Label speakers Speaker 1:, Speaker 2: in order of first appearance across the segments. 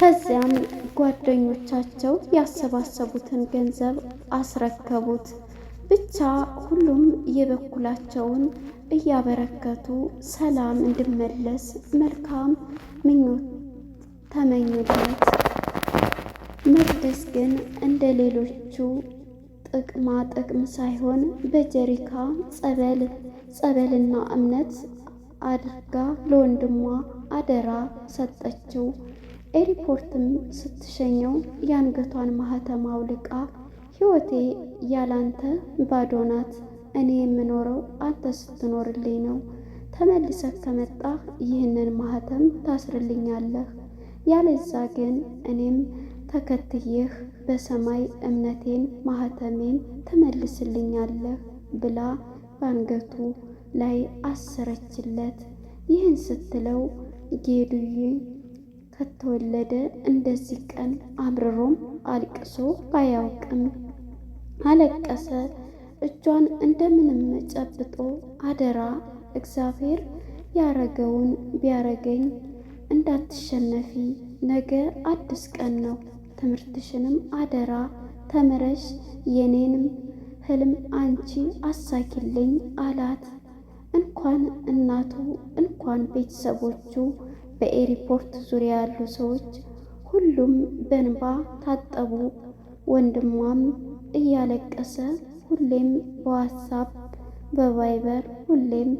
Speaker 1: ከዚያም ጓደኞቻቸው ያሰባሰቡትን ገንዘብ አስረከቡት። ብቻ ሁሉም የበኩላቸውን እያበረከቱ ሰላም እንዲመለስ መልካም ምኞት ተመኙለት። መቅደስ ግን እንደ ሌሎቹ ጥቅማ ጥቅም ሳይሆን በጀሪካ ጸበል ጸበልና እምነት አድርጋ ለወንድሟ አደራ ሰጠችው። ኤሪፖርትም ስትሸኘው የአንገቷን ማህተም አውልቃ ሕይወቴ ያላንተ ባዶ ናት፣ እኔ የምኖረው አንተ ስትኖርልኝ ነው። ተመልሰህ ከመጣ ይህንን ማህተም ታስርልኛለህ፣ ያለዛ ግን እኔም ተከትዬህ በሰማይ እምነቴን ማህተሜን ትመልስልኛለህ ብላ በአንገቱ ላይ አሰረችለት። ይህን ስትለው ጌዱዬ ከተወለደ እንደዚህ ቀን አምርሮም አልቅሶ አያውቅም። አለቀሰ። እጇን እንደምንም ጨብጦ አደራ እግዚአብሔር ያረገውን ቢያረገኝ እንዳትሸነፊ፣ ነገ አዲስ ቀን ነው። ትምህርትሽንም አደራ ተምረሽ የኔንም ህልም አንቺ አሳኪልኝ አላት። እንኳን እናቱ እንኳን ቤተሰቦቹ በኤሪፖርት ዙሪያ ያሉ ሰዎች ሁሉም በንባ ታጠቡ። ወንድሟም እያለቀሰ ሁሌም በዋትሳፕ በቫይበር ሁሌም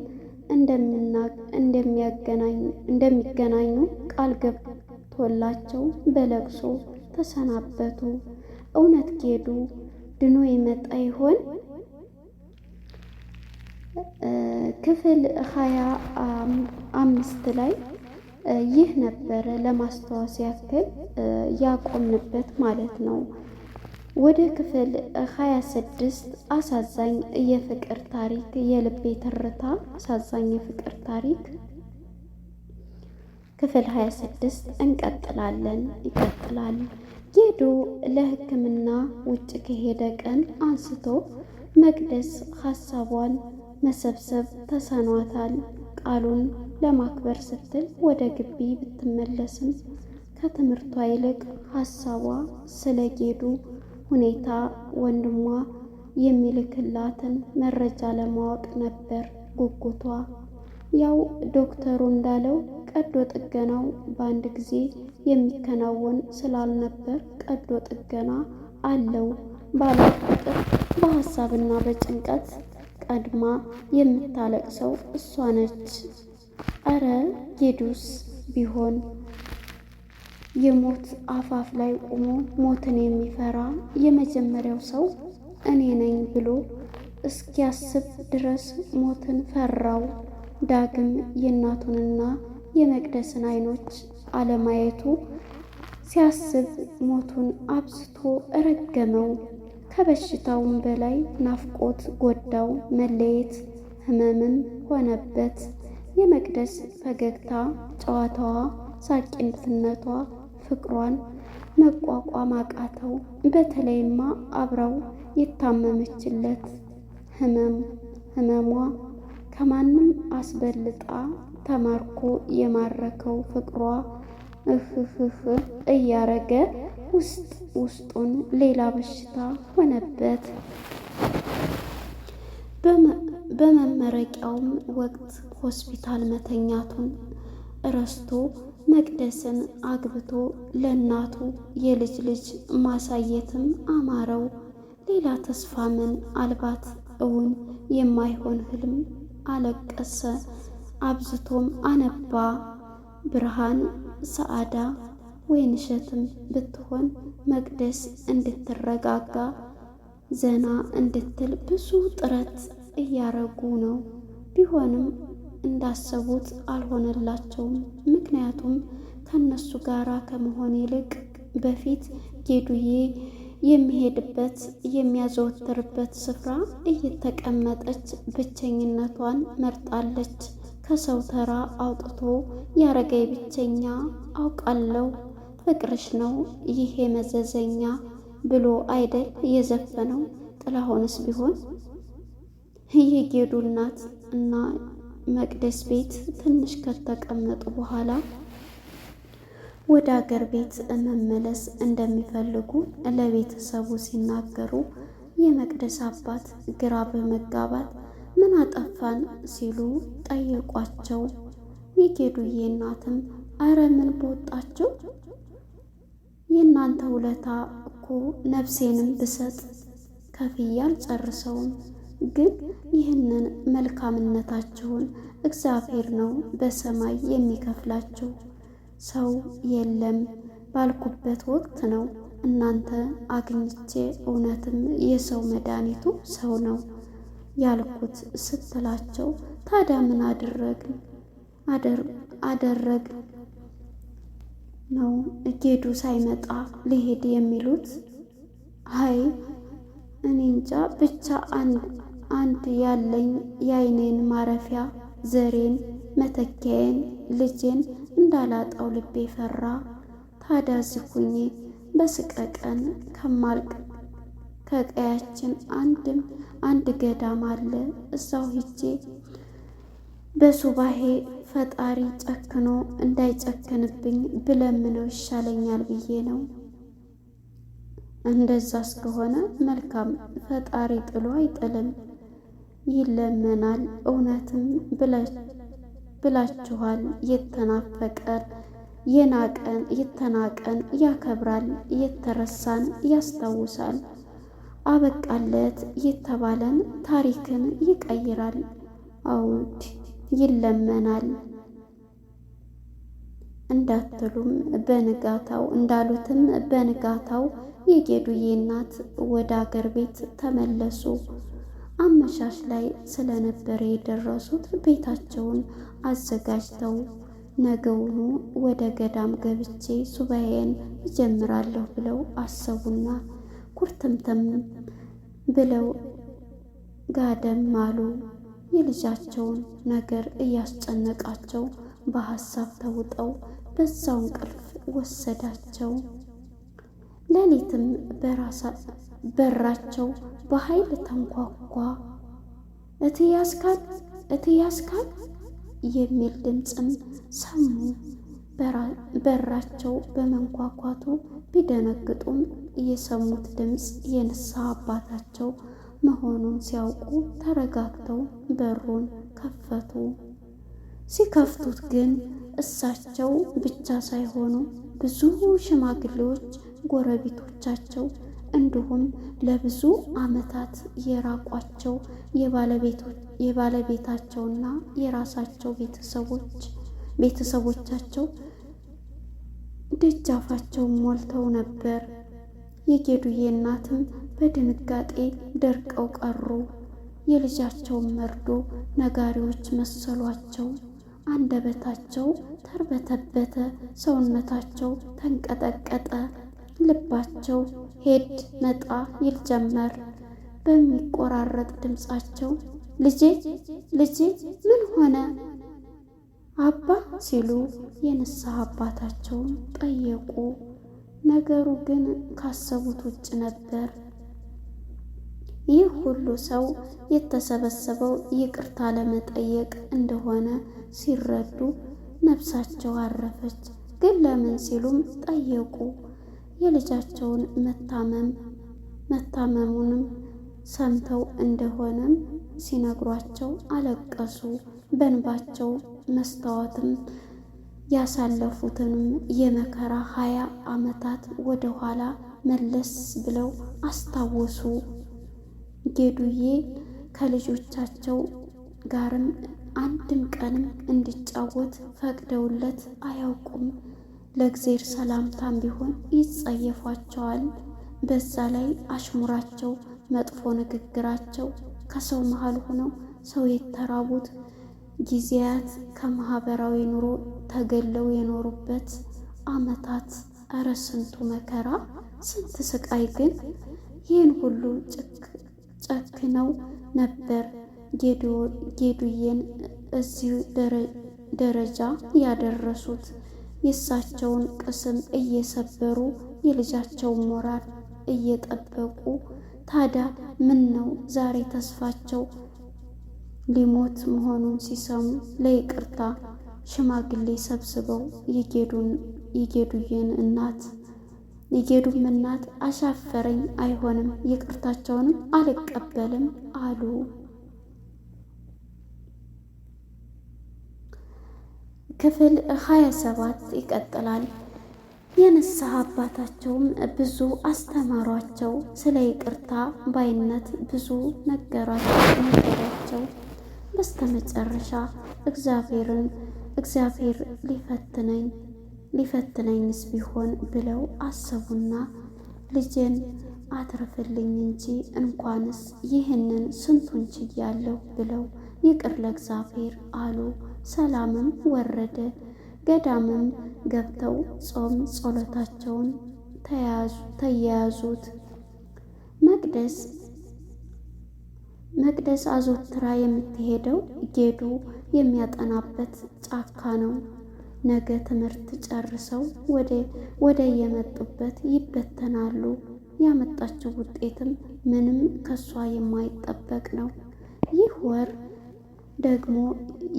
Speaker 1: እንደሚገናኙ ቃል ገብቶላቸው በለቅሶ ተሰናበቱ። እውነት ጌዱ ድኖ ይመጣ ይሆን? ክፍል ሀያ አምስት ላይ ይህ ነበረ ለማስታወስ ያክል ያቆምንበት ማለት ነው። ወደ ክፍል 26 አሳዛኝ የፍቅር ታሪክ የልቤ ትርታ አሳዛኝ የፍቅር ታሪክ ክፍል 26 እንቀጥላለን ይቀጥላል። ጌዶ ለሕክምና ውጭ ከሄደ ቀን አንስቶ መቅደስ ሀሳቧን መሰብሰብ ተሰኗታል። ቃሉን ለማክበር ስትል ወደ ግቢ ብትመለስም ከትምህርቷ ይልቅ ሀሳቧ ስለ ጌዱ ሁኔታ ወንድሟ የሚልክላትን መረጃ ለማወቅ ነበር ጉጉቷ። ያው ዶክተሩ እንዳለው ቀዶ ጥገናው በአንድ ጊዜ የሚከናወን ስላልነበር ቀዶ ጥገና አለው ባለ ቁጥር በሀሳብና በጭንቀት ቀድማ የምታለቅሰው እሷ ነች። እረ ጌዱስ ቢሆን የሞት አፋፍ ላይ ቆሞ ሞትን የሚፈራ የመጀመሪያው ሰው እኔ ነኝ ብሎ እስኪያስብ ድረስ ሞትን ፈራው። ዳግም የእናቱንና የመቅደስን ዓይኖች አለማየቱ ሲያስብ ሞቱን አብዝቶ ረገመው። ከበሽታውም በላይ ናፍቆት ጎዳው። መለየት ህመምም ሆነበት። የመቅደስ ፈገግታ ጨዋታዋ፣ ሳቂንትነቷ ፍቅሯን መቋቋም አቃተው። በተለይማ አብረው የታመመችለት ህመም ህመሟ ከማንም አስበልጣ ተማርኮ የማረከው ፍቅሯ እህህህ እያረገ ውስጥ ውስጡን ሌላ በሽታ ሆነበት። በመመረቂያውም ወቅት ሆስፒታል መተኛቱን እረስቶ መቅደስን አግብቶ ለእናቱ የልጅ ልጅ ማሳየትም አማረው። ሌላ ተስፋ ምን አልባት እውን የማይሆን ህልም አለቀሰ። አብዝቶም አነባ። ብርሃን ሰዓዳ ወይንሸትም ብትሆን መቅደስ እንድትረጋጋ ዘና እንድትል ብዙ ጥረት እያረጉ ነው ቢሆንም እንዳሰቡት አልሆነላቸውም። ምክንያቱም ከነሱ ጋራ ከመሆን ይልቅ በፊት ጌዱዬ የሚሄድበት የሚያዘወትርበት ስፍራ እየተቀመጠች ብቸኝነቷን መርጣለች። ከሰው ተራ አውጥቶ ያረገኝ ብቸኛ አውቃለው ፍቅርሽ ነው ይሄ መዘዘኛ ብሎ አይደል የዘፈነው። ጥላሁንስ ቢሆን የጌዱ እናት እና መቅደስ ቤት ትንሽ ከተቀመጡ በኋላ ወደ አገር ቤት መመለስ እንደሚፈልጉ ለቤተሰቡ ሲናገሩ የመቅደስ አባት ግራ በመጋባት ምን አጠፋን ሲሉ ጠየቋቸው። የጌዱዬ እናትም አረ ምን በወጣቸው የእናንተ ውለታ እኮ ነፍሴንም ብሰጥ ከፍዬ አልጨርሰውም ግን ይህንን መልካምነታችሁን እግዚአብሔር ነው በሰማይ የሚከፍላችሁ። ሰው የለም ባልኩበት ወቅት ነው እናንተ አግኝቼ እውነትም የሰው መድኃኒቱ ሰው ነው ያልኩት ስትላቸው ታዲያ ምን አደረግ አደረግ ነው ጌዱ ሳይመጣ ሊሄድ የሚሉት አይ እኔ እንጃ ብቻ አንድ ያለኝ የአይኔን ማረፊያ ዘሬን መተኪያዬን ልጄን እንዳላጣው ልቤ ፈራ። ታዲያ ዝኩኜ በስቀቀን ከማልቅ ከቀያችን አንድም አንድ ገዳም አለ። እዛው ሂጄ በሱባሄ ፈጣሪ ጨክኖ እንዳይጨክንብኝ ብለምነው ይሻለኛል ብዬ ነው። እንደዛ እስከሆነ መልካም፣ ፈጣሪ ጥሎ አይጥልም ይለመናል። እውነትም ብላችኋል። የተናፈቀን የናቀን የተናቀን ያከብራል፣ የተረሳን ያስታውሳል። አበቃለት የተባለን ታሪክን ይቀይራል። አውድ ይለመናል እንዳትሉም በንጋታው እንዳሉትም በንጋታው የጌዱዬ እናት ወደ አገር ቤት ተመለሱ። አመሻሽ ላይ ስለነበረ የደረሱት ቤታቸውን አዘጋጅተው ነገውኑ ወደ ገዳም ገብቼ ሱባኤን እጀምራለሁ ብለው አሰቡና ኩርትምትም ብለው ጋደም አሉ። የልጃቸውን ነገር እያስጨነቃቸው በሀሳብ ተውጠው በዛው እንቅልፍ ወሰዳቸው። ሌሊትም በራሳ በራቸው በኃይል ተንኳኳ። እትያስካል የሚል ድምፅም ሰሙ። በራቸው በመንኳኳቱ ቢደነግጡም የሰሙት ድምፅ የንስሐ አባታቸው መሆኑን ሲያውቁ ተረጋግተው በሩን ከፈቱ። ሲከፍቱት ግን እሳቸው ብቻ ሳይሆኑ ብዙ ሽማግሌዎች ጎረቤቶቻቸው እንዲሁም ለብዙ ዓመታት የራቋቸው የባለቤታቸውና የራሳቸው ቤተሰቦች ቤተሰቦቻቸው ደጃፋቸውን ሞልተው ነበር። የጌዱዬ እናትም በድንጋጤ ደርቀው ቀሩ። የልጃቸውን መርዶ ነጋሪዎች መሰሏቸው። አንደበታቸው ተርበተበተ፣ ሰውነታቸው ተንቀጠቀጠ። ልባቸው ሄድ መጣ ይል ጀመር። በሚቆራረጥ ድምፃቸው ልጄ ልጄ ምን ሆነ አባ ሲሉ የንስሐ አባታቸውን ጠየቁ። ነገሩ ግን ካሰቡት ውጭ ነበር። ይህ ሁሉ ሰው የተሰበሰበው ይቅርታ ለመጠየቅ እንደሆነ ሲረዱ ነፍሳቸው አረፈች። ግን ለምን ሲሉም ጠየቁ። የልጃቸውን መታመም መታመሙንም ሰምተው እንደሆነም ሲነግሯቸው አለቀሱ። በንባቸው መስታወትም ያሳለፉትንም የመከራ ሀያ ዓመታት ኋላ መለስ ብለው አስታወሱ። ጌዱዬ ከልጆቻቸው ጋርም አንድም ቀንም እንዲጫወት ፈቅደውለት አያውቁም። ለእግዜር ሰላምታም ቢሆን ይጸየፏቸዋል። በዛ ላይ አሽሙራቸው፣ መጥፎ ንግግራቸው ከሰው መሀል ሆነው ሰው የተራቡት ጊዜያት ከማህበራዊ ኑሮ ተገለው የኖሩበት አመታት፣ እረ ስንቱ መከራ ስንት ስቃይ! ግን ይህን ሁሉ ጨክነው ነበር ጌዱዬን እዚህ ደረጃ ያደረሱት። የእሳቸውን ቅስም እየሰበሩ የልጃቸውን ሞራል እየጠበቁ ታዲያ ምን ነው ዛሬ ተስፋቸው ሊሞት መሆኑን ሲሰሙ ለይቅርታ ሽማግሌ ሰብስበው የጌዱዬን እናት የጌዱም እናት አሻፈረኝ፣ አይሆንም፣ ይቅርታቸውንም አልቀበልም አሉ። ክፍል 27 ይቀጥላል። የንስሐ አባታቸውም ብዙ አስተማሯቸው፣ ስለ ይቅርታ ባይነት ብዙ ነገሯቸው። መጨረሻ እግዚአብሔርን እግዚአብሔር ሊፈትነኝ ሊፈትነኝስ ቢሆን ብለው አሰቡና ልጄን አትርፍልኝ እንጂ እንኳንስ ይህንን ስንቱን ችያለሁ ብለው ይቅር ለእግዚአብሔር አሉ። ሰላምም ወረደ። ገዳምም ገብተው ጾም ጸሎታቸውን ተያያዙት። መቅደስ መቅደስ አዘውትራ የምትሄደው ጌዱ የሚያጠናበት ጫካ ነው። ነገ ትምህርት ጨርሰው ወደ የመጡበት ይበተናሉ። ያመጣችው ውጤትም ምንም ከሷ የማይጠበቅ ነው። ይህ ወር ደግሞ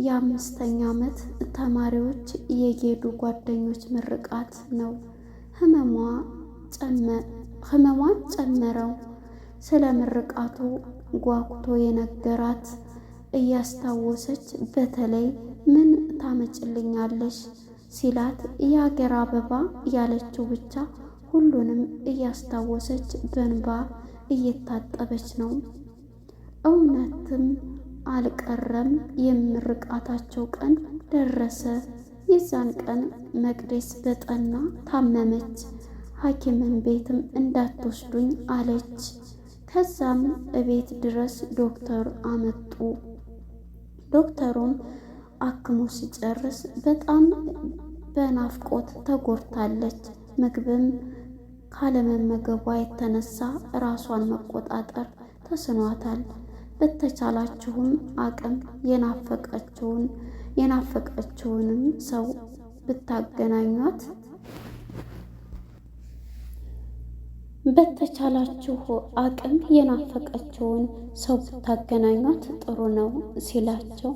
Speaker 1: የአምስተኛ ዓመት ተማሪዎች የጌዱ ጓደኞች ምርቃት ነው። ህመሟን ጨመረው። ስለ ምርቃቱ ጓጉቶ የነገራት እያስታወሰች በተለይ ምን ታመጭልኛለሽ ሲላት የአገር አበባ ያለችው ብቻ ሁሉንም እያስታወሰች በንባ እየታጠበች ነው እውነትም አልቀረም የምርቃታቸው ቀን ደረሰ። የዛን ቀን መቅደስ በጠና ታመመች። ሐኪምን ቤትም እንዳትወስዱኝ አለች። ከዛም እቤት ድረስ ዶክተር አመጡ። ዶክተሩም አክሞ ሲጨርስ በጣም በናፍቆት ተጎድታለች። ምግብም ካለመመገቧ የተነሳ ራሷን መቆጣጠር ተስኗታል። በተቻላችሁም አቅም የናፈቃችሁን የናፈቃችሁንም ሰው ብታገናኟት በተቻላችሁ አቅም የናፈቃችሁን ሰው ብታገናኟት ጥሩ ነው ሲላቸው፣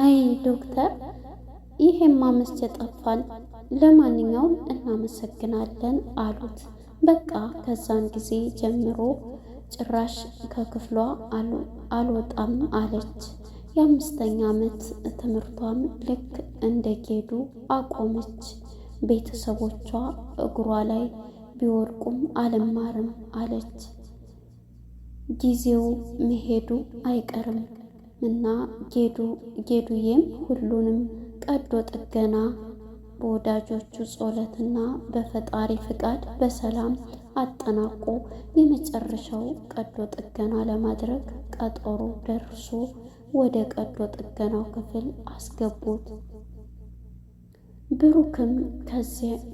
Speaker 1: አይ ዶክተር ይሄማ መቼ ጠፋል፣ ለማንኛውም እናመሰግናለን አሉት። በቃ ከዛን ጊዜ ጀምሮ ጭራሽ ከክፍሏ አልወጣም አለች። የአምስተኛ ዓመት ትምህርቷን ልክ እንደ ጌዱ አቆመች። ቤተሰቦቿ እግሯ ላይ ቢወድቁም አልማርም አለች። ጊዜው መሄዱ አይቀርም እና ጌዱ ጌዱዬም ሁሉንም ቀዶ ጥገና በወዳጆቹ ጸሎትና በፈጣሪ ፍቃድ በሰላም አጠናቆ የመጨረሻው ቀዶ ጥገና ለማድረግ ቀጠሮ ደርሶ ወደ ቀዶ ጥገናው ክፍል አስገቡት። ብሩክም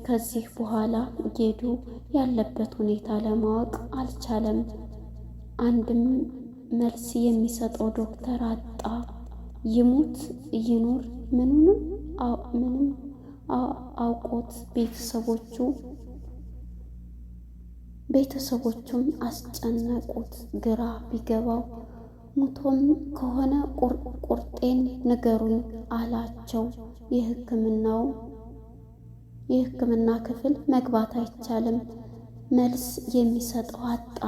Speaker 1: ከዚህ በኋላ ጌዱ ያለበት ሁኔታ ለማወቅ አልቻለም። አንድም መልስ የሚሰጠው ዶክተር አጣ። ይሙት ይኑር ምንም ምንም አውቆት ቤተሰቦቹ ቤተሰቦቹም አስጨነቁት። ግራ ቢገባው ሙቶም ከሆነ ቁርጤን ንገሩኝ አላቸው። የሕክምናው የሕክምና ክፍል መግባት አይቻልም፣ መልስ የሚሰጠው አጣ።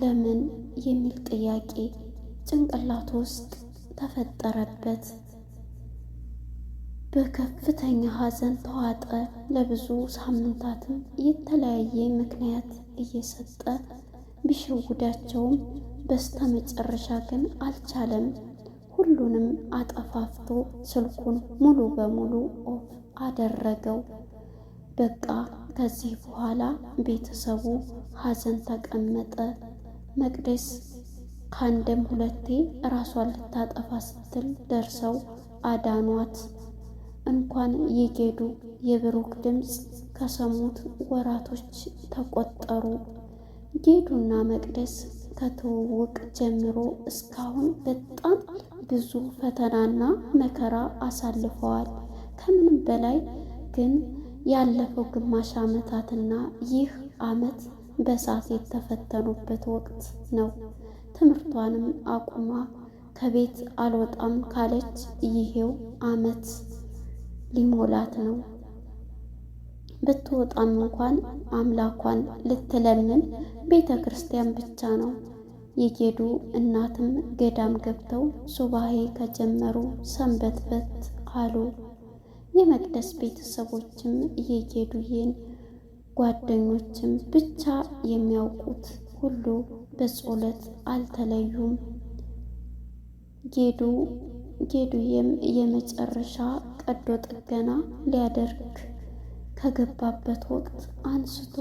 Speaker 1: ለምን የሚል ጥያቄ ጭንቅላቱ ውስጥ ተፈጠረበት። በከፍተኛ ሐዘን ተዋጠ። ለብዙ ሳምንታትም የተለያየ ምክንያት እየሰጠ ቢሸውዳቸውም በስተ መጨረሻ ግን አልቻለም። ሁሉንም አጠፋፍቶ ስልኩን ሙሉ በሙሉ ኦፍ አደረገው። በቃ ከዚህ በኋላ ቤተሰቡ ሀዘን ተቀመጠ። መቅደስ ከአንድም ሁለቴ ራሷን ልታጠፋ ስትል ደርሰው አዳኗት። እንኳን የጌዱ የብሩክ ድምፅ ከሰሙት ወራቶች ተቆጠሩ። ጌዱና መቅደስ ከትውውቅ ጀምሮ እስካሁን በጣም ብዙ ፈተናና መከራ አሳልፈዋል። ከምንም በላይ ግን ያለፈው ግማሽ ዓመታትና ይህ ዓመት በሳት የተፈተኑበት ወቅት ነው። ትምህርቷንም አቁማ ከቤት አልወጣም ካለች ይሄው ዓመት ሊሞላት ነው። ብትወጣም እንኳን አምላኳን ልትለምን ቤተ ክርስቲያን ብቻ ነው። የጌዱ እናትም ገዳም ገብተው ሱባሄ ከጀመሩ ሰንበትበት አሉ። የመቅደስ ቤተሰቦችም የጌዱዬን ጓደኞችም ብቻ የሚያውቁት ሁሉ በጸሎት አልተለዩም። ጌዱ ጌዱዬም የመጨረሻ ቀዶ ጥገና ሊያደርግ ከገባበት ወቅት አንስቶ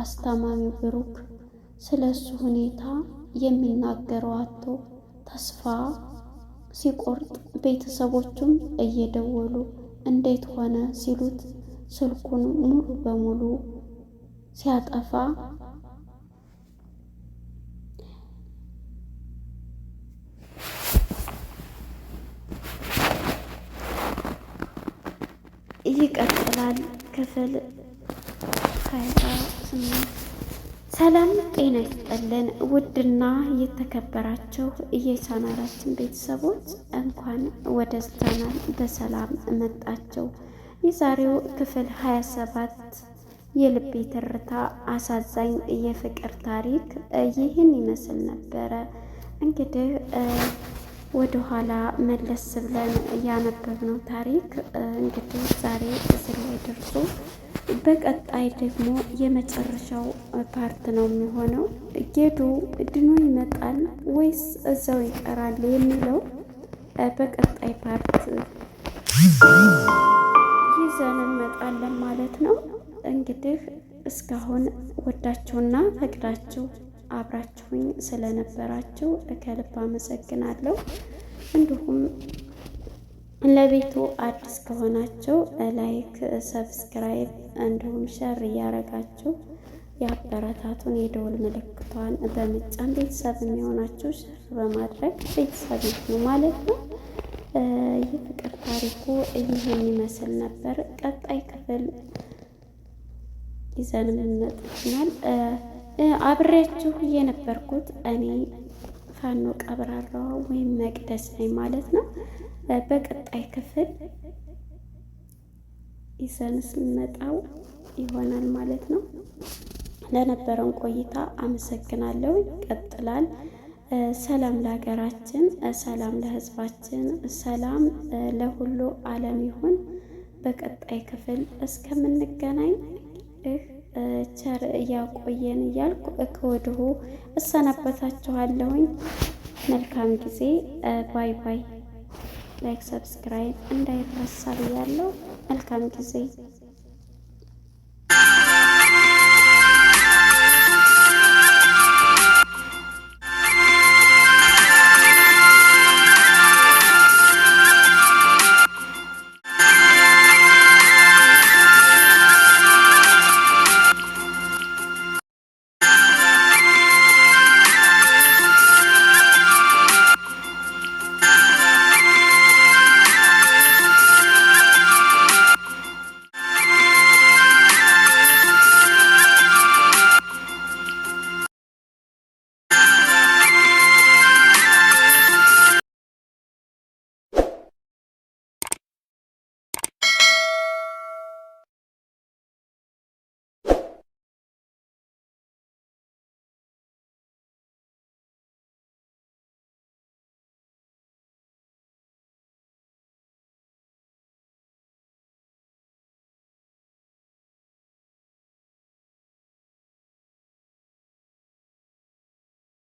Speaker 1: አስታማሚ ብሩክ ስለ እሱ ሁኔታ የሚናገረው አቶ ተስፋ ሲቆርጥ ቤተሰቦቹም እየደወሉ እንዴት ሆነ ሲሉት ስልኩን ሙሉ በሙሉ ሲያጠፋ ክፍል ሀያ ስምንት ሰላም ጤና ይስጠልን። ውድና የተከበራችሁ የቻናላችን ቤተሰቦች እንኳን ወደ ቻናል በሰላም መጣችሁ። የዛሬው ክፍል ሀያ ሰባት የልቤ ትርታ አሳዛኝ የፍቅር ታሪክ ይህን ይመስል ነበረ እንግዲህ ወደኋላ መለስ ብለን ነው ታሪክ እንግዲህ ዛሬ እዚህ ላይ ደርሶ በቀጣይ ደግሞ የመጨረሻው ፓርት ነው የሚሆነው። ጌዱ ድኖ ይመጣል ወይስ እዛው ይቀራል የሚለው በቀጣይ ፓርት ይዘን እንመጣለን ማለት ነው። እንግዲህ እስካሁን ወዳችሁና ፈቅዳችሁ አብራችሁኝ ስለነበራችሁ ከልብ አመሰግናለሁ። እንዲሁም ለቤቱ አዲስ ከሆናችሁ ላይክ፣ ሰብስክራይብ እንዲሁም ሸር እያረጋችሁ የአበረታቱን የደወል ምልክቷን በመጫን ቤተሰብ የሚሆናችሁ ሸር በማድረግ ቤተሰብ ነው ማለት ነው። ፍቅር ታሪኩ ይህን ይመስል ነበር። ቀጣይ ክፍል ይዘን እንመጣለን። አብሬያችሁ የነበርኩት እኔ ፋኖ ቀብራራ ወይም መቅደስ ነኝ ማለት ነው። በቀጣይ ክፍል ይዘን ስንመጣው ይሆናል ማለት ነው። ለነበረውን ቆይታ አመሰግናለሁ። ይቀጥላል። ሰላም ለሀገራችን፣ ሰላም ለሕዝባችን፣ ሰላም ለሁሉ ዓለም ይሁን። በቀጣይ ክፍል እስከምንገናኝ ቸር እያቆየን እያልኩ ከወድሁ እሰናበታችኋለሁኝ። መልካም ጊዜ። ባይ ባይ። ላይክ፣ ሰብስክራይብ እንዳይረሳ ብያለሁ። መልካም ጊዜ